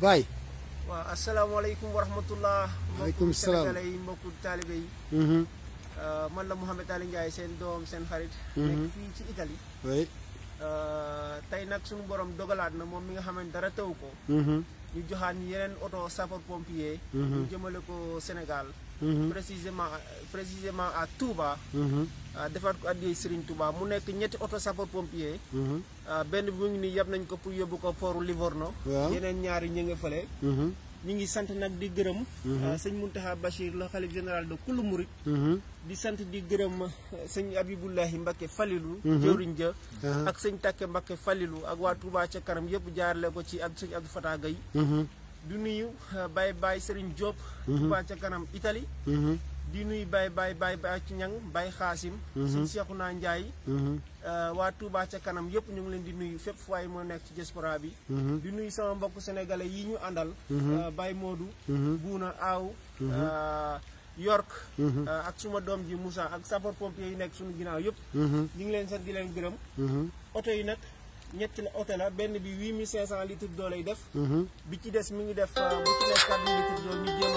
Baye. waaw asalaamaaleykum wa rahmatullah. waaleykum salaam mbokku sénégalais yi mm-hmm. euh, man la Mouhamed Ali Ndiaye seen doom seen xarit. Mm-hmm. nekk fii ci Italie. Euh, tey nag suñu borom dogalaat na moom mi nga xam dara taw ko. Mm-hmm. ñu joxaat ñu yeneen oto sapeur pompier. Mhm. ñu jëmale ko Sénégal. Mhm. précisément précisément à Touba. Mhm. Ah, defaat ko addiyee Serigne Touba mu nekk ñetti oto sapeur pompier. Ah, benn bi mu ngi nii yab nañ ko pour yóbbu ko pooru Livorno. yeneen ñaari ñu nga fële. ñi ngi sant nag di gërëm mhm. euh, sëñ Mountakha Bachir la xalif général de kullu murit mhm. di sant di gërëm euh, sëñ Abibullahi Mbakke Falilu mhm. jëwriñ ja ak sëñ Takke Mbakke Falilu ak waa Touba ca kanam yëpp jaarale ko ci ak sëñ Abdou Fatah Gaye du nuyu euh, Baye Baye Serigne Diop Touba ca kanam Italie di nuy baay bay bay bay ci ñang bay xaasim mhm. suñ seexu naa njaay mhm. euh, waa Touba ca kanam yëpp ñoo ngi leen di nuyu fépp fu waay moo nekk ci diaspora bi mhm. di nuyu sama mbokk sénégalais yi ñu àndal euh, bay moodu buuna aaw euh, york ak suma doom ji musa ak sapeur pompier yi nekk suñu ginnaaw yëpp ñu ngi leen sant di leen gërëm oto yi nag ñetti la oto la benn bi huit mille cinq cent litres doole yi def bi ci des mi ngi def bu ci des quatre mille litres doole ñu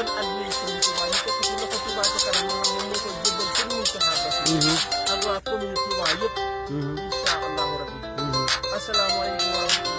doon àdduna Sëriñ Touba ñu fekk ci loxo Touba ca kanam moom ñoom ñoo koy jébbal seen muy taxaw mhm. ak waa commune Touba yëpp mhm. incha allahu rabbi mhm. asalaamaaleykum wa rahmatulah